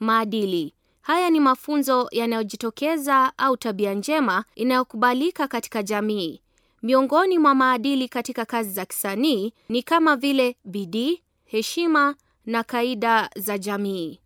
Maadili. Haya ni mafunzo yanayojitokeza au tabia njema inayokubalika katika jamii. Miongoni mwa maadili katika kazi za kisanii ni kama vile bidii, heshima na kaida za jamii.